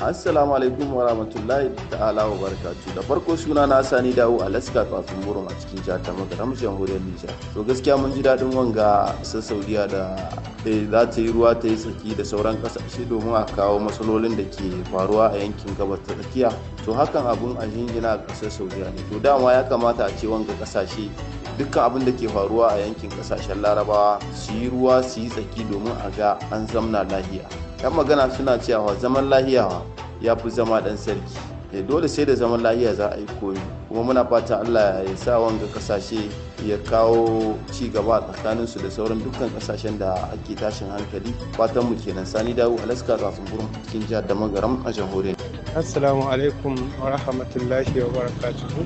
Assalamu alaikum wa rahmatullahi ta'ala wa barakatu da farko suna na sani dawo a laska tsatsun burum a cikin jihar ta magaram jamhuriyar Nijar. To gaskiya mun ji daɗin wanga sassaudiya da za ta yi ruwa ta yi tsaki da sauran ƙasashe domin a kawo matsalolin da ke faruwa a yankin gabas ta tsakiya. To hakan abun a jingina ƙasar Saudiya ne. To dama ya kamata a ce wanga ƙasashe dukkan abin da ke faruwa a yankin ƙasashen Larabawa su yi ruwa su yi tsaki domin a ga an zamna lahiya. yan magana suna cewa zaman lahiyawa ya fi zama dan sarki da eh, dole sai da zaman lahiya za a yi koyi kuma muna fatan allah ya sa wanga kasashe ya kawo ci gaba tsakanin su da sauran dukkan kasashen da ake tashin hankali fatan mu kenan sani dawo alaska kafin burin cikin jihar da magaram a jamhuriyar assalamu alaikum wa rahmatullahi wa barakatuhu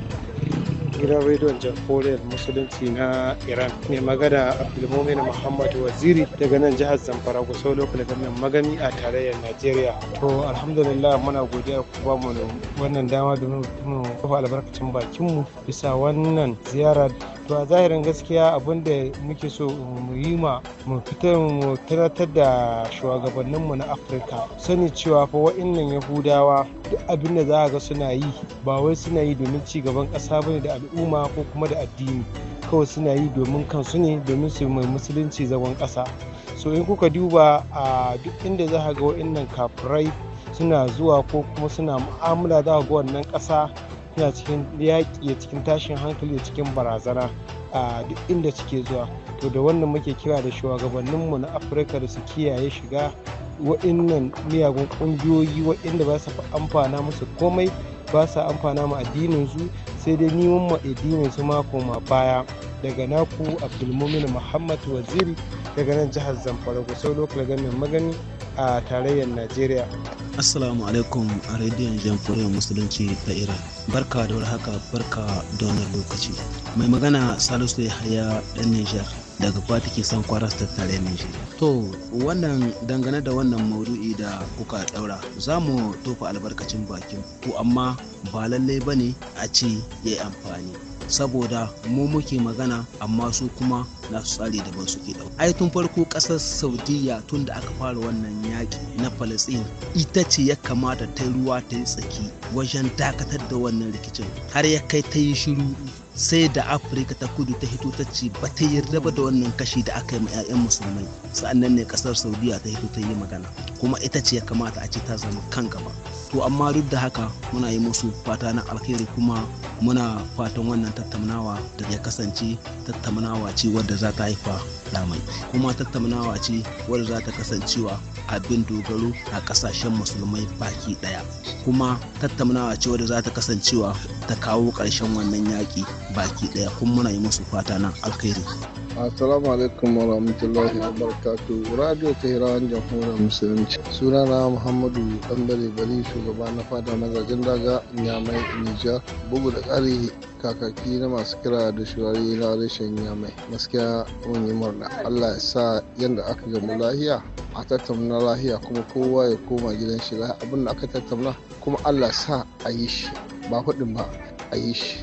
gidan rediyon jamhuriyar musulunci na iran mai magana abdulmumin muhammad waziri daga nan jihar zamfara lokacin lokal gamin magani a tarayyar najeriya to alhamdulillah muna godiya ku ba mu wannan dama domin mu kafa albarkacin bakin mu bisa wannan ziyara to a zahirin gaskiya abin da muke so mu yi ma mu fitar mu tunatar da shugabanninmu na afirka sani cewa fa wa'innan yahudawa duk abin da za a ga suna yi ba wai suna yi domin ci gaban ƙasa bane da al'umma ko kuma da addini kawai suna yi domin kansu ne domin su mai musulunci zagon ƙasa so in kuka duba a duk inda za a ga wa'annan kafirai suna zuwa ko kuma suna mu'amala za a ga wannan ƙasa suna cikin yaƙi cikin tashin hankali cikin barazana a duk inda suke zuwa to da wannan muke kira da shugabanninmu na afirka da su kiyaye shiga wa'innan miyagun ƙungiyoyi wa'inda ba su amfana musu komai ba sa amfana ma addininsu sai dai neman ma addininsu mako ma baya daga naku abdulmumin muhammad waziri daga nan jihar zamfara sau lokal ganin magani a tarayyar najeriya assalamu alaikum a rediyon jamhuriyar musulunci ta iran barka da haka barka da wannan lokaci mai magana salisu ya haya dan nijar daga kwa take son kwaras ta tare shi. To wannan dangane da wannan maudu'i da kuka daura za mu tofa albarkacin bakin ku amma ba lallai ba ne a ce ya yi amfani. saboda mu muke magana amma su kuma na su tsari da su ke dau ai tun farko ƙasar saudiya tun da aka fara wannan yaki na palestine ita ce ya kamata ta ruwa ta yi tsaki wajen dakatar da wannan rikicin har ya kai ta yi shiru sai da afirka ta kudu ta hito ta ce ba ta yarda ba da wannan kashi da aka yi ma 'ya'yan musulmai sa'annan ne kasar saudiya ta hito ta yi magana kuma ita ce ya kamata a ce ta zama kan gaba to amma duk da haka muna yi musu fata na alkhairi kuma muna fatan wannan tattaunawa da ya kasance tattaunawa ce wadda za ta haifa faɗa mai kuma tattaunawa ce wadda za ta kasancewa abin dogaro a ƙasashen musulmai baki ɗaya kuma tattaunawa ce wadda za ta kasancewa ta kawo ƙarshen wannan yaƙi baki ɗaya kuma muna yi musu fata na alkhairi Assalamu alaikum wa rahmatullahi wa barakatu. Radio hirawan Jamhuriyar Musulunci. Sunana Muhammadu Dambare Bari shugaba na fada mazajen daga Nyamai Nijar. Bugu da ƙari kakaki na masu kira da shirari na rashin mai gaskiya mun yi murna allah ya sa yadda aka gamu lahiya a tattauna lahiya kuma kowa ya koma gidan shi lahiya abin da aka tattauna kuma allah ya sa a yi shi ba faɗin ba a yi shi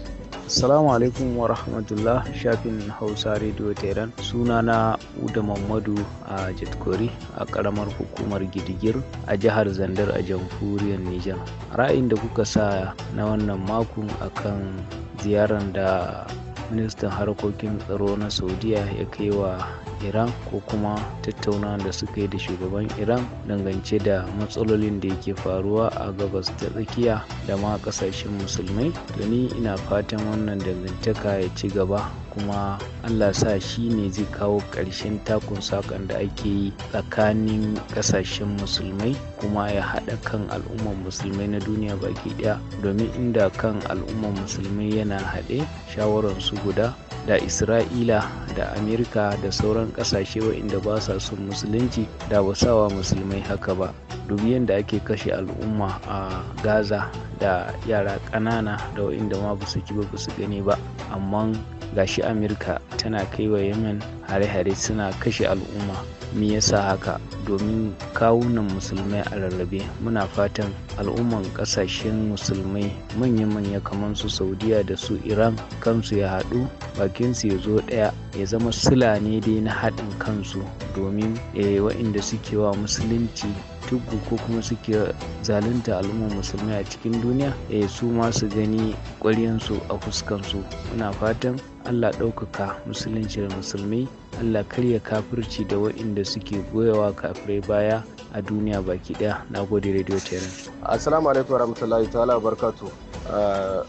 Assalamu alaikum wa rahmatullah shafin Hausa Radio Tehran suna na Uda Mamadu a jitkori a karamar hukumar Gidigir a jihar Zandar a jamhuriyar Nijar. Ra'ayin da kuka sa na wannan makon akan ziyarar da ministan harkokin tsaro na saudiya ya kai wa iran ko kuma tattauna da suka yi da shugaban iran dangance da matsalolin da yake faruwa a gabas ta tsakiya da ma kasashen musulmai to ni ina fatan wannan dangantaka ya ci gaba kuma allah sa shi ne zai kawo ƙarshen takun sakan da ake yi tsakanin kasashen musulmai kuma ya haɗa kan al'umman musulmai na duniya baki ɗaya domin inda kan al'umman musulmai yana haɗe shawararsu guda da isra'ila da amerika da sauran kasashe waɗanda ba sa son musulunci da ba sa wa musulmai haka ba dubi yadda ake kashe al'umma a gaza da yara ƙanana da waɗanda ma ba su ji ba su gani ba amma gashi amurka tana kai wa yemen hare-hare suna kashe al'umma me yasa haka domin kawunan musulmai a rarrabe muna fatan al'umman kasashen musulmai manya-manya kamar su saudiya da su iran kansu ya haɗu bakinsu ya zo ɗaya ya zama sula ne dai na haɗin kansu domin eh, wa'inda suke wa musulunci tubu ko kuma suke zalunta al'umma musulmai a cikin duniya e su ma su gani ƙwaryansu a fuskansu muna fatan allah ɗaukaka musulunci da musulmai allah karya kafirci da waɗanda suke goyawa kafirai baya a duniya baki ɗaya na gode radio terrain assalamu alaikum warahmatullahi ta'ala barkatu ah,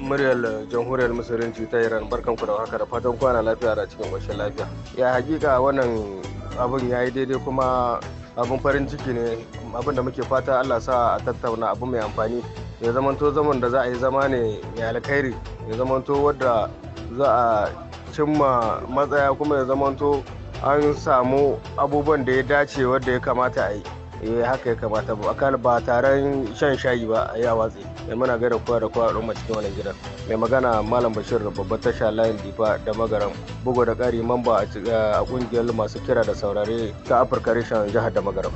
muryar jamhuriyar musulunci ta iran barkan ku da haka da fatan kwana lafiya da cikin ƙoshin lafiya ya hakika wannan abun ya yi daidai kuma abin farin ciki ne abin da muke fata allah sa a tattauna abu mai amfani ya zamanto zaman da za a yi zama ne mai alkhairi ya zamanto wadda za a cimma matsaya kuma ya zamanto an samu abubuwan da ya dace wadda ya kamata a yi eh haka ya kamata ba akal ba taron shan shayi ba a yi a watsi mai eh, muna gaida kowa da kowa al'umma cikin wannan gidan mai magana malam bashir babban tasha layin difa da magaram bugu da ƙari mamba a eh, ƙungiyar masu kira da saurare ta afirka reshen jihar da magaram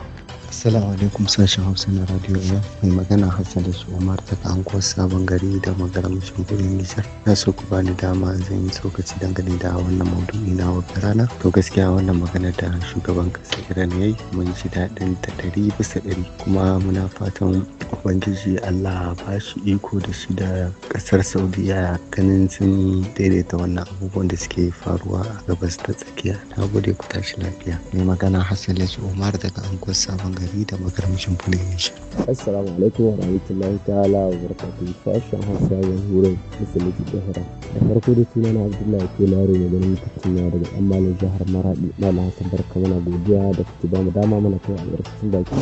Assalamu alaikum sashen Hausa na Radio ya. Mai magana Hassan da su Umar daga anguwar Sabon Gari da magaram kudin Nijar. Na so ku bani dama zan yi tsokaci dangane da wannan maudu'i na wata rana. To gaskiya wannan magana da shugaban kasa Iran yayi mun ji daɗin ta ɗari bisa ɗari kuma muna fatan Ubangiji Allah ba shi iko da shi da ƙasar Saudiya ganin sun daidaita wannan abubuwan da suke faruwa a gabas ta tsakiya. Na gode ku tashi lafiya. Mai magana Hassan da su Umar daga anguwar Sabon Gari. gari da magarmashin Fulemish. Assalamu alaikum wa rahmatullahi ta'ala wa barakatuhu sashen Hausa ya hura musulunci hira Da farko da suna na Abdullahi ke laro mai ganin mutum na daga ɗan malin jihar Maradi Malam Hassan Barka mana godiya da kuke ba mu dama mana kai albarkacin baki.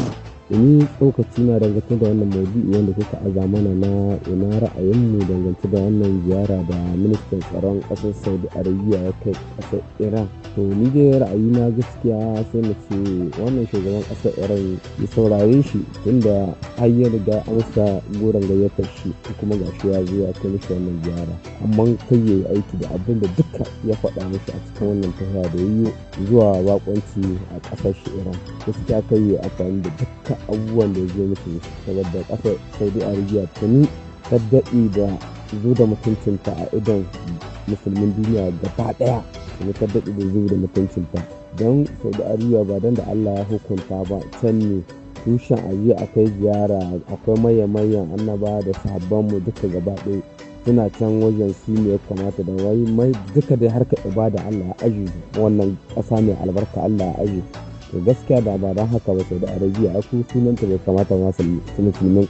ni tsokaci na dangance da wannan maudu'i wanda kuka a zamana na ina ra'ayinmu dangance da wannan ziyara da ministan tsaron ƙasar saudi arabia ya kai ƙasar iran to ni dai na gaskiya sai na ce wannan shugaban ƙasar iran ya saurare shi tunda har ya riga amsa goron gayyatar shi kuma shi ya zo ya kai mishi wannan ziyara amma kai ya aiki da abin da duka ya faɗa mishi a cikin wannan tafiya da ya yi zuwa bakonci a ƙasar iran gaskiya kai ya amfani da duka abubuwan da ya zo musu saboda ƙasar saudi arabia tuni ta daɗe da zo da mutuncinta a idon musulmin duniya gaba ɗaya tuni ta daɗe da zo da mutuncinta don saudi arabia ba don da allah ya hukunta ba can ne tushen aji akai ziyara akwai mayan-mayan annaba da mu duka gaba ɗaya suna can wajen su ne ya kamata da wai mai duka dai harka ibada Allah ya aji wannan ƙasa mai albarka Allah ya aji da gaskiya da ba haka ba saudi arabia a sunanta bai kamata ma musulmin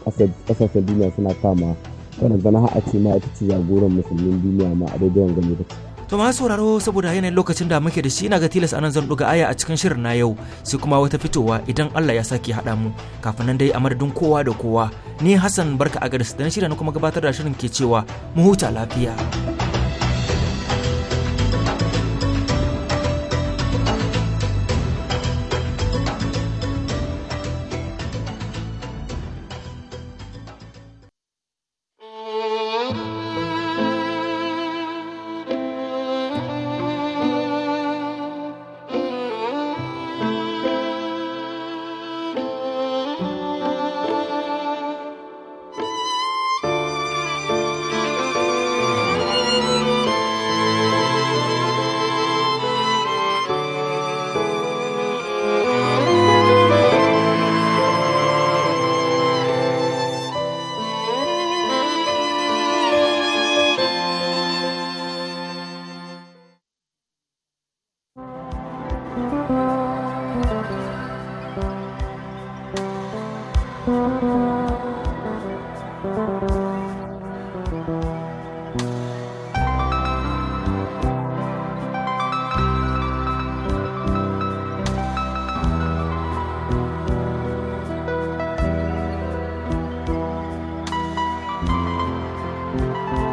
kasashen duniya suna kama barazana har a ce ma ita ce jagoran musulmin duniya ma a daidai wanga lokaci To ma sauraro saboda yanayin lokacin da muke da shi na ga tilas anan zan ɗuga aya a cikin shirin na yau sai kuma wata fitowa idan Allah ya sake haɗa mu kafin nan dai a madadin kowa da kowa ni Hassan barka a garis dan shirin kuma gabatar da shirin ke cewa mu huta lafiya. Thank you.